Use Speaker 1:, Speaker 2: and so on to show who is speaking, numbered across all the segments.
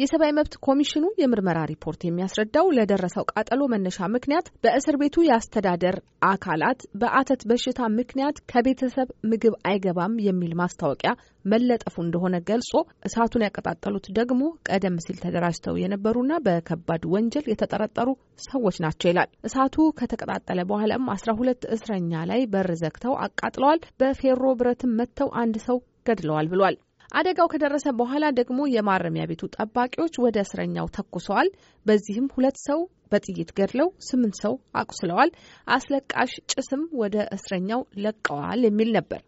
Speaker 1: የሰብአዊ መብት ኮሚሽኑ የምርመራ ሪፖርት የሚያስረዳው ለደረሰው ቃጠሎ መነሻ ምክንያት በእስር ቤቱ የአስተዳደር አካላት በአተት በሽታ ምክንያት ከቤተሰብ ምግብ አይገባም የሚል ማስታወቂያ መለጠፉ እንደሆነ ገልጾ እሳቱን ያቀጣጠሉት ደግሞ ቀደም ሲል ተደራጅተው የነበሩና በከባድ ወንጀል የተጠረጠሩ ሰዎች ናቸው ይላል። እሳቱ ከተቀጣጠለ በኋላም አስራ ሁለት እስረኛ ላይ በር ዘግተው አቃጥለዋል። በፌሮ ብረትም መጥተው አንድ ሰው ገድለዋል ብሏል። አደጋው ከደረሰ በኋላ ደግሞ የማረሚያ ቤቱ ጠባቂዎች ወደ እስረኛው ተኩሰዋል። በዚህም ሁለት ሰው በጥይት ገድለው ስምንት ሰው አቁስለዋል። አስለቃሽ ጭስም ወደ እስረኛው ለቀዋል የሚል ነበር።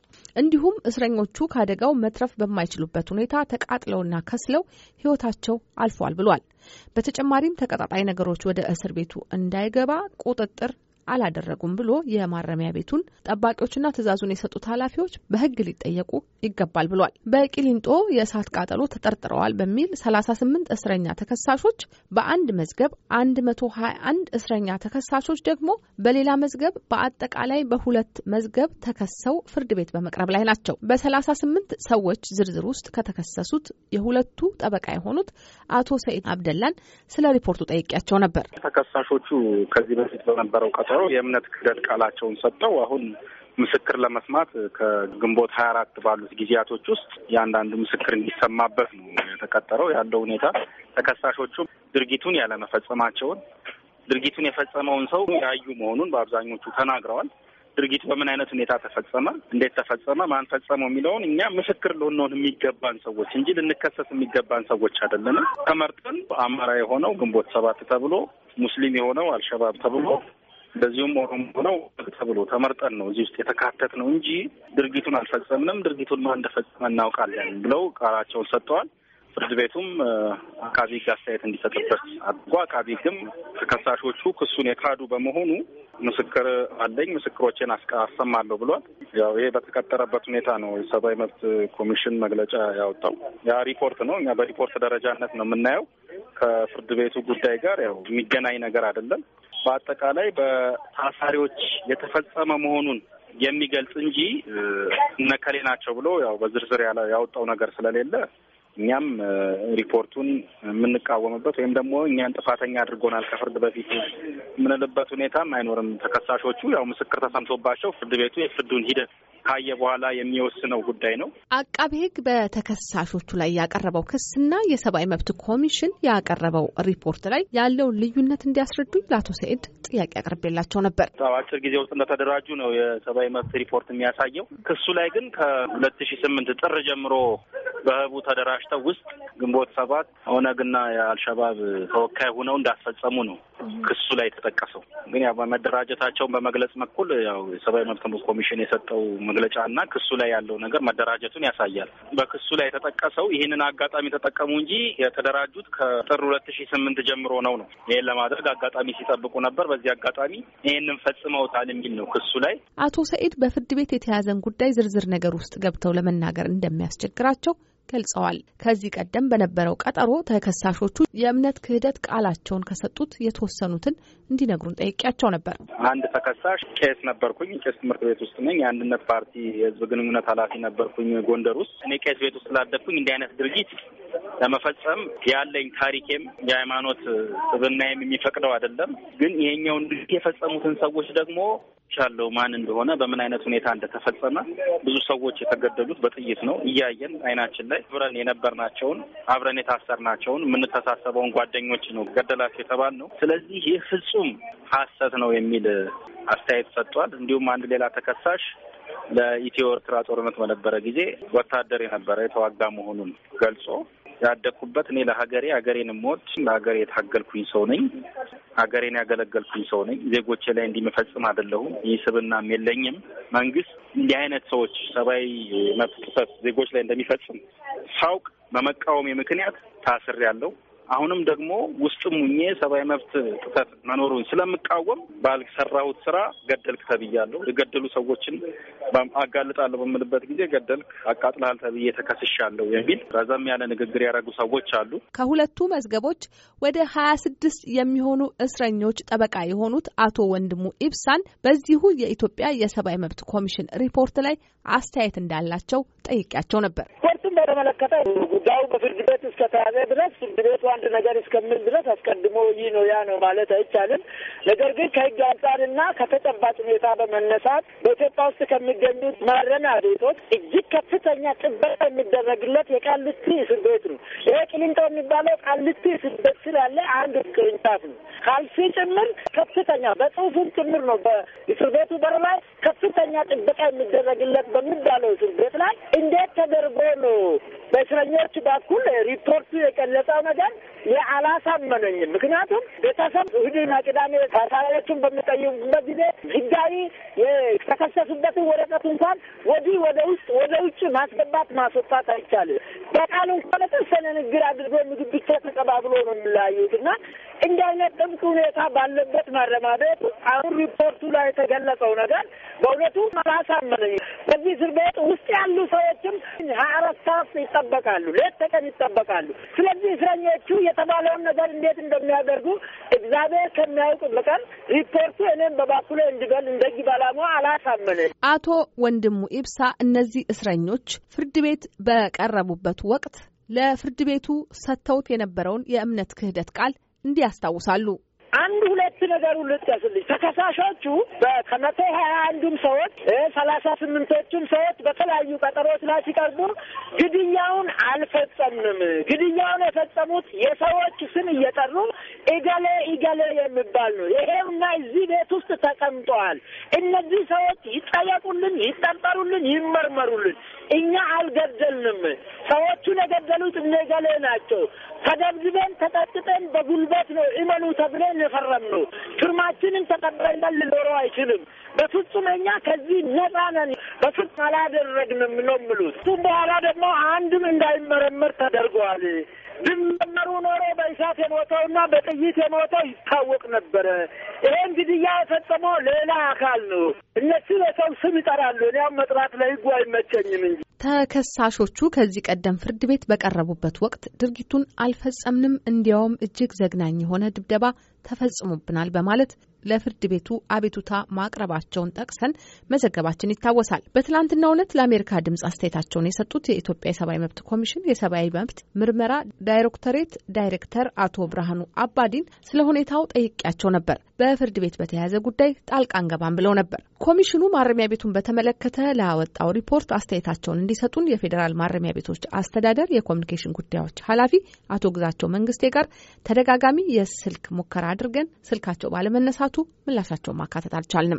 Speaker 1: እንዲሁም እስረኞቹ ከአደጋው መትረፍ በማይችሉበት ሁኔታ ተቃጥለውና ከስለው ሕይወታቸው አልፏል ብሏል። በተጨማሪም ተቀጣጣይ ነገሮች ወደ እስር ቤቱ እንዳይገባ ቁጥጥር አላደረጉም ብሎ የማረሚያ ቤቱን ጠባቂዎችና ትዕዛዙን የሰጡት ኃላፊዎች በሕግ ሊጠየቁ ይገባል ብሏል። በቂሊንጦ የእሳት ቃጠሎ ተጠርጥረዋል በሚል 38 እስረኛ ተከሳሾች በአንድ መዝገብ 121 እስረኛ ተከሳሾች ደግሞ በሌላ መዝገብ በአጠቃላይ በሁለት መዝገብ ተከሰው ፍርድ ቤት በመቅረብ ላይ ናቸው። በ38 ሰዎች ዝርዝር ውስጥ ከተከሰሱት የሁለቱ ጠበቃ የሆኑት አቶ ሰኢድ አብደላን ስለ ሪፖርቱ ጠይቄያቸው ነበር።
Speaker 2: ተከሳሾቹ ከዚህ በፊት በነበረው ሰው የእምነት ክህደት ቃላቸውን ሰጥተው አሁን ምስክር ለመስማት ከግንቦት ሀያ አራት ባሉት ጊዜያቶች ውስጥ የአንዳንዱ ምስክር እንዲሰማበት ነው የተቀጠረው። ያለው ሁኔታ ተከሳሾቹ ድርጊቱን ያለመፈጸማቸውን ድርጊቱን የፈጸመውን ሰው ያዩ መሆኑን በአብዛኞቹ ተናግረዋል። ድርጊቱ በምን አይነት ሁኔታ ተፈጸመ፣ እንዴት ተፈጸመ፣ ማን ፈጸመው የሚለውን እኛ ምስክር ልንሆን የሚገባን ሰዎች እንጂ ልንከሰስ የሚገባን ሰዎች አይደለንም። ተመርጠን አማራ የሆነው ግንቦት ሰባት ተብሎ ሙስሊም የሆነው አልሸባብ ተብሎ እንደዚሁም ኦሮሞ ነው ተብሎ ተመርጠን ነው እዚህ ውስጥ የተካተት ነው እንጂ ድርጊቱን አልፈጸምንም፣ ድርጊቱን ማን እንደፈጸመ እናውቃለን ብለው ቃላቸውን ሰጥተዋል። ፍርድ ቤቱም አቃቢ ሕግ አስተያየት እንዲሰጥበት አድርጎ አቃቢ ሕግም ተከሳሾቹ ክሱን የካዱ በመሆኑ ምስክር አለኝ ምስክሮቼን አሰማለሁ ብሏል። ያው ይሄ በተቀጠረበት ሁኔታ ነው የሰብአዊ መብት ኮሚሽን መግለጫ ያወጣው። ያ ሪፖርት ነው። እኛ በሪፖርት ደረጃነት ነው የምናየው። ከፍርድ ቤቱ ጉዳይ ጋር ያው የሚገናኝ ነገር አይደለም። በአጠቃላይ በታሳሪዎች የተፈጸመ መሆኑን የሚገልጽ እንጂ እነከሌ ናቸው ብሎ ያው በዝርዝር ያወጣው ነገር ስለሌለ እኛም ሪፖርቱን የምንቃወምበት ወይም ደግሞ እኛን ጥፋተኛ አድርጎናል ከፍርድ በፊት የምንልበት ሁኔታም አይኖርም። ተከሳሾቹ ያው ምስክር ተሰምቶባቸው ፍርድ ቤቱ የፍርዱን ሂደት ካየ በኋላ የሚወስነው ጉዳይ ነው።
Speaker 1: አቃቤ ሕግ በተከሳሾቹ ላይ ያቀረበው ክስና የሰብአዊ መብት ኮሚሽን ያቀረበው ሪፖርት ላይ ያለውን ልዩነት እንዲያስረዱኝ ለአቶ ሰኤድ ጥያቄ አቅርቤላቸው ነበር።
Speaker 2: አጭር ጊዜ ውስጥ እንደተደራጁ ነው የሰብአዊ መብት ሪፖርት የሚያሳየው። ክሱ ላይ ግን ከሁለት ሺ ስምንት ጥር ጀምሮ በህቡ ተደራጅተው ውስጥ ግንቦት ሰባት ኦነግና የአልሸባብ ተወካይ ሆነው እንዳስፈጸሙ ነው ክሱ ላይ የተጠቀሰው። ግን ያው መደራጀታቸውን በመግለጽ በኩል ያው የሰብአዊ መብት ኮሚሽን የሰጠው መግለጫ እና ክሱ ላይ ያለው ነገር መደራጀቱን ያሳያል። በክሱ ላይ የተጠቀሰው ይህንን አጋጣሚ ተጠቀሙ እንጂ የተደራጁት ከጥር ሁለት ሺ ስምንት ጀምሮ ነው ነው ይህን ለማድረግ አጋጣሚ ሲጠብቁ ነበር። በዚህ አጋጣሚ ይህንን ፈጽመውታል የሚል ነው ክሱ ላይ።
Speaker 1: አቶ ሰኢድ በፍርድ ቤት የተያዘን ጉዳይ ዝርዝር ነገር ውስጥ ገብተው ለመናገር እንደሚያስቸግራቸው ገልጸዋል። ከዚህ ቀደም በነበረው ቀጠሮ ተከሳሾቹ የእምነት ክህደት ቃላቸውን ከሰጡት የተወሰኑትን እንዲነግሩን ጠይቄያቸው ነበር።
Speaker 2: አንድ ተከሳሽ ቄስ ነበርኩኝ፣ ቄስ ትምህርት ቤት ውስጥ ነኝ፣ የአንድነት ፓርቲ የህዝብ ግንኙነት ኃላፊ ነበርኩኝ ጎንደር ውስጥ። እኔ ቄስ ቤት ውስጥ ስላደግኩኝ እንዲህ አይነት ድርጊት ለመፈጸም ያለኝ ታሪኬም የሃይማኖት ስብናዬም የሚፈቅደው አይደለም። ግን ይሄኛውን የፈጸሙትን ሰዎች ደግሞ ቻለው ማን እንደሆነ በምን አይነት ሁኔታ እንደተፈጸመ ብዙ ሰዎች የተገደሉት በጥይት ነው። እያየን አይናችን ላይ አብረን የነበርናቸውን አብረን የታሰርናቸውን የምንተሳሰበውን ጓደኞች ነው ገደላቸው የተባል ነው። ስለዚህ ይህ ፍጹም ሀሰት ነው የሚል አስተያየት ሰጥቷል። እንዲሁም አንድ ሌላ ተከሳሽ ለኢትዮ ኤርትራ ጦርነት በነበረ ጊዜ ወታደር የነበረ የተዋጋ መሆኑን ገልጾ ያደግኩበት እኔ ለሀገሬ ሀገሬን ሞት ለሀገሬ የታገልኩኝ ሰው ነኝ። ሀገሬን ያገለገልኩኝ ሰው ነኝ። ዜጎቼ ላይ እንዲመፈጽም አይደለሁም። ይህ ስብናም የለኝም። መንግስት እንዲህ አይነት ሰዎች ሰብአዊ መብት ጥሰት ዜጎች ላይ እንደሚፈጽም ሳውቅ በመቃወሜ ምክንያት ታስሬያለሁ። አሁንም ደግሞ ውስጥም ሙኜ ሰብአዊ መብት ጥሰት መኖሩን ስለምቃወም ባልሰራሁት ስራ ገደልክ ተብያለሁ። የገደሉ ሰዎችን አጋልጣለሁ በምልበት ጊዜ ገደልክ፣ አቃጥልሃል ተብዬ ተከስሻለሁ የሚል ረዘም ያለ ንግግር ያደረጉ ሰዎች አሉ።
Speaker 1: ከሁለቱ መዝገቦች ወደ ሀያ ስድስት የሚሆኑ እስረኞች ጠበቃ የሆኑት አቶ ወንድሙ ኢብሳን በዚሁ የኢትዮጵያ የሰብአዊ መብት ኮሚሽን ሪፖርት ላይ አስተያየት እንዳላቸው ጠይቄያቸው ነበር።
Speaker 3: በተመለከተ ጉዳዩ በፍርድ ቤት እስከተያዘ ድረስ ፍርድ ቤቱ አንድ ነገር እስከሚል ድረስ አስቀድሞ ይህ ነው ያ ነው ማለት አይቻልም። ነገር ግን ከህግ አንጻርና ከተጨባጭ ሁኔታ በመነሳት በኢትዮጵያ ውስጥ ከሚገኙት ማረሚያ ቤቶች እጅግ ከፍተኛ ጥበቃ የሚደረግለት የቃሊቲ እስር ቤት ነው። ይሄ ቅሊንጦ የሚባለው ቃሊቲ እስር ቤት ስላለ አንድ ቅርንጫፍ ነው። ካልሲ ጭምር ከፍተኛ በጽሁፉም ጭምር ነው በእስር ቤቱ በር ላይ ከፍተኛ ጥበቃ የሚደረግለት በሚባለው ተደርጎ ነው በእስረኞች በኩል ሪፖርቱ የገለጸው ነገር አላሳመነኝም። ምክንያቱም ቤተሰብ እሑድና ቅዳሜ ታሳሪዎቹን በሚጠይቁበት ጊዜ ህጋዊ የተከሰሱበትን ወረቀት እንኳን ወዲህ ወደ ውስጥ ወደ ውጭ ማስገባት ማስወጣት አይቻልም። በቃሉ እንኳን የተወሰነ ንግግር አድርጎ ምግብ ብቻ ተቀባብሎ ነው የሚለያዩት እና እንዲህ አይነት ጥብቅ ሁኔታ ባለበት ማረሚያ ቤት አሁን ሪፖርቱ ላይ የተገለጸው ነገር በእውነቱ አላሳመነኝ። በዚህ እስር ቤት ውስጥ ያሉ ሰዎችም ሀያ አራት ሰዓት ይጠበቃሉ፣ ሌት ተቀን ይጠበቃሉ። ስለዚህ እስረኞቹ የተባለውን ነገር እንዴት እንደሚያደርጉ እግዚአብሔር ከሚያውቅ በቀር ሪፖርቱ እኔም በበኩሌ እንድበል እንደ ጊባላሞ አላሳመነ።
Speaker 1: አቶ ወንድሙ ኢብሳ እነዚህ እስረኞች ፍርድ ቤት በቀረቡበት ወቅት ለፍርድ ቤቱ ሰጥተውት የነበረውን የእምነት ክህደት ቃል እንዲህ ያስታውሳሉ። አንድ ሁለት ነገሩን ልጥቀስልኝ። ተከሳሾቹ
Speaker 3: ከመቶ ሀያ አንዱም ሰዎች ሰላሳ ስምንቶቹም ሰዎች በተለያዩ ቀጠሮዎች ላይ ሲቀርቡ ግድያውን አልፈጸምንም፣ ግድያውን የፈጸሙት የሰዎች ስም እየጠሩ ኢገሌ ኢገሌ የሚባል ነው። ይሄውና እዚህ ቤት ውስጥ ተቀምጠዋል። እነዚህ ሰዎች ይጠየ ሰዎችን ይመርመሩልን። እኛ አልገደልንም። ሰዎቹን የገደሉት እነገሌ ናቸው። ተደብድበን ተጠጥጠን በጉልበት ነው እመኑ ተብለን የፈረምነው። ፊርማችንን ተቀባይነት ሊኖረው አይችልም። በፍጹም እኛ ከዚህ ነጻ ነን፣ በፍጹም አላደረግንም ነው የሚሉት። እሱም በኋላ ደግሞ አንድም እንዳይመረመር ተደርገዋል። ቢመረመሩ ኖሮ በእሳት የሞተውና በጥይት የሞተው ይታወቅ ነበረ። ይሄን ግድያ የፈጸመው ሌላ አካል ነው። እነሱ ሰው ስም ይጠራሉ። እኔም መጥራት ለህጉ አይመቸኝም እንጂ
Speaker 1: ተከሳሾቹ ከዚህ ቀደም ፍርድ ቤት በቀረቡበት ወቅት ድርጊቱን አልፈጸምንም፣ እንዲያውም እጅግ ዘግናኝ የሆነ ድብደባ ተፈጽሞብናል በማለት ለፍርድ ቤቱ አቤቱታ ማቅረባቸውን ጠቅሰን መዘገባችን ይታወሳል። በትናንትናው ዕለት ለአሜሪካ ድምጽ አስተያየታቸውን የሰጡት የኢትዮጵያ የሰብአዊ መብት ኮሚሽን የሰብአዊ መብት ምርመራ ዳይሬክቶሬት ዳይሬክተር አቶ ብርሃኑ አባዲን ስለ ሁኔታው ጠይቄያቸው ነበር። በፍርድ ቤት በተያያዘ ጉዳይ ጣልቃ አንገባም ብለው ነበር። ኮሚሽኑ ማረሚያ ቤቱን በተመለከተ ላወጣው ሪፖርት አስተያየታቸውን እንዲሰጡን የፌዴራል ማረሚያ ቤቶች አስተዳደር የኮሚኒኬሽን ጉዳዮች ኃላፊ አቶ ግዛቸው መንግስቴ ጋር ተደጋጋሚ የስልክ ሙከራ አድርገን ስልካቸው ባለመነሳቱ ምክንያቱ ምላሻቸውን ማካተት አልቻልንም።